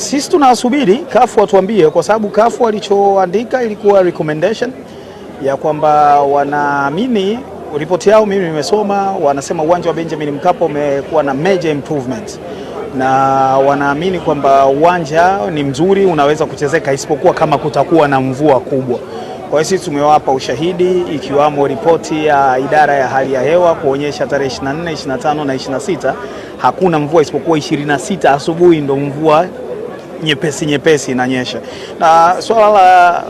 sisi tunasubiri kafu watuambie, kwa sababu kafu walichoandika ilikuwa recommendation ya kwamba wanaamini ripoti yao, mimi nimesoma, wanasema uwanja wa Benjamin Mkapa umekuwa na major improvement na wanaamini kwamba uwanja ni mzuri, unaweza kuchezeka isipokuwa kama kutakuwa na mvua kubwa. Kwa hiyo sisi tumewapa ushahidi ikiwamo ripoti ya idara ya hali ya hewa kuonyesha tarehe 24, 25 na 26 hakuna mvua isipokuwa 26 asubuhi ndo mvua nyepesi nyepesi inanyesha. Na swala la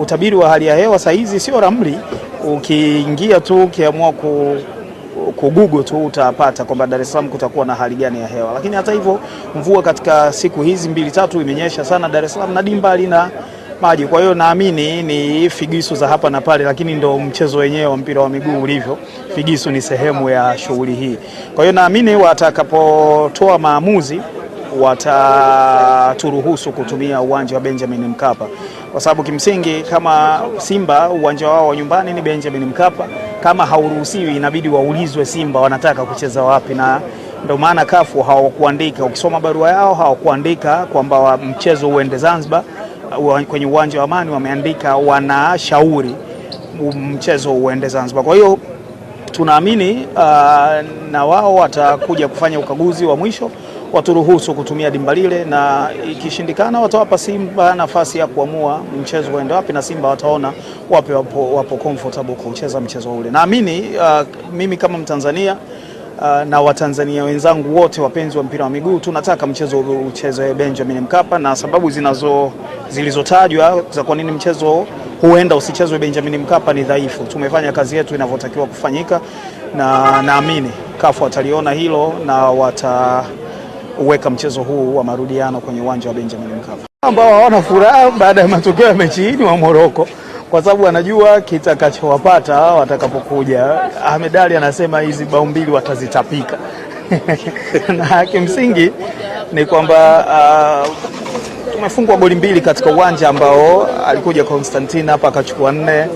utabiri wa hali ya hewa saa hizi sio ramli, ukiingia tu ukiamua ku kugugo tu utapata kwamba Dar es Salaam kutakuwa na hali gani ya hewa. Lakini hata hivyo, mvua katika siku hizi mbili tatu imenyesha sana Dar es Salaam na dimba lina maji, kwa hiyo naamini ni figisu za hapa na pale, lakini ndo mchezo wenyewe wa mpira wa miguu ulivyo. Figisu ni sehemu ya shughuli hii, kwa hiyo naamini watakapotoa maamuzi wataturuhusu kutumia uwanja wa Benjamin Mkapa, kwa sababu kimsingi kama Simba uwanja wao wa nyumbani ni Benjamin Mkapa, kama hauruhusiwi inabidi waulizwe Simba wanataka kucheza wapi, na ndio maana kafu hawakuandika. Ukisoma barua yao hawakuandika kwamba mchezo uende Zanzibar kwenye uwanja wa Amani, wameandika wanashauri mchezo uende Zanzibar. Kwa hiyo tunaamini uh, na wao watakuja kufanya ukaguzi wa mwisho waturuhusu kutumia dimba lile, na ikishindikana watawapa Simba nafasi ya kuamua mchezo waende wapi, na Simba wataona wapi wapo, wapo comfortable kucheza mchezo ule. Naamini uh, mimi kama Mtanzania Uh, na Watanzania wenzangu wote wapenzi wa mpira wa miguu tunataka mchezo uchezwe Benjamin Mkapa, na sababu zinazo zilizotajwa za kwa nini mchezo huenda usichezwe Benjamin Mkapa ni dhaifu. Tumefanya kazi yetu inavyotakiwa kufanyika, na naamini kafu wataliona hilo na wata kuweka mchezo huu wa marudiano kwenye uwanja wa Benjamin Mkapa. Ambao hawana furaha baada ya matokeo ya mechi hii ni wa Moroko, kwa sababu anajua kitakachowapata watakapokuja. Ahmed Ali anasema hizi bao mbili watazitapika na kimsingi ni kwamba uh, tumefungwa goli mbili katika uwanja ambao alikuja Constantine hapa akachukua nne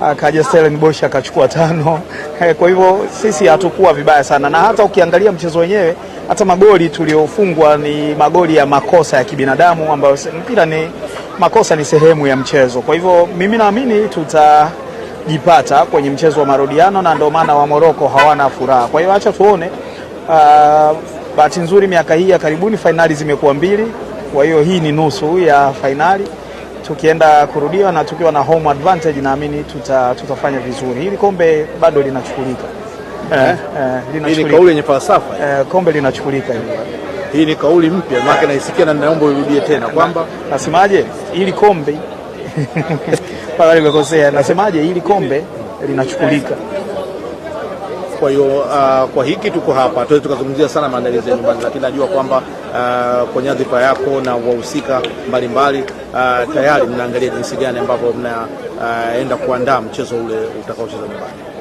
akaja Stellenbosch akachukua tano. Eh, kwa hivyo sisi hatukuwa vibaya sana, na hata ukiangalia mchezo wenyewe, hata magoli tuliofungwa ni magoli ya makosa ya kibinadamu, ambayo mpira ni makosa, ni sehemu ya mchezo. Kwa hivyo mimi naamini tutajipata kwenye mchezo wa marudiano, na ndio maana wa Moroko hawana furaha. Kwa hiyo acha tuone. Uh, bahati nzuri miaka hii ya karibuni fainali zimekuwa mbili, kwa hiyo hii ni nusu ya fainali tukienda kurudia na tukiwa na home advantage, naamini tuta, tutafanya vizuri. Hili kombe bado linachukulika eh, eh, kauli yenye falsafa eh, kombe linachukulika hili. Hii ni kauli mpya maana naisikia na naomba urudie tena kwamba nasemaje, hili kombe pala nimekosea, nasemaje, hili kombe linachukulika. Eh. Kwa hiyo uh, kwa hiki tuko hapa, tuweze tukazungumzia sana maandalizi ya nyumbani, lakini najua kwamba uh, kwa nyadhifa yako na wahusika mbalimbali uh, tayari mnaangalia jinsi gani ambavyo mnaenda uh, kuandaa mchezo ule utakaocheza nyumbani.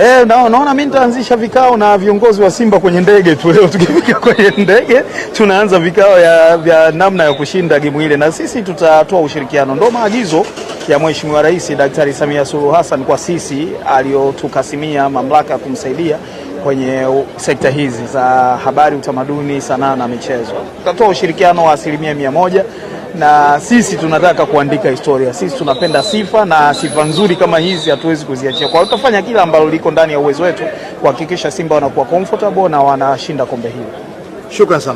Eh, na naona mimi nitaanzisha vikao na viongozi wa Simba kwenye ndege tu. Leo tukifika kwenye ndege tunaanza vikao ya vya namna ya kushinda game ile, na sisi tutatoa ushirikiano. Ndio maagizo ya Mheshimiwa Rais Daktari Samia Suluhu Hassan kwa sisi aliyotukasimia mamlaka ya kumsaidia kwenye sekta hizi za habari, utamaduni, sanaa na michezo. Tutatoa ushirikiano wa asilimia mia moja na sisi tunataka kuandika historia. Sisi tunapenda sifa na sifa nzuri kama hizi hatuwezi kuziachia. Kwa hiyo tutafanya kila ambalo liko ndani ya uwezo wetu kuhakikisha Simba wanakuwa comfortable na wanashinda kombe hili. Shukrani sana.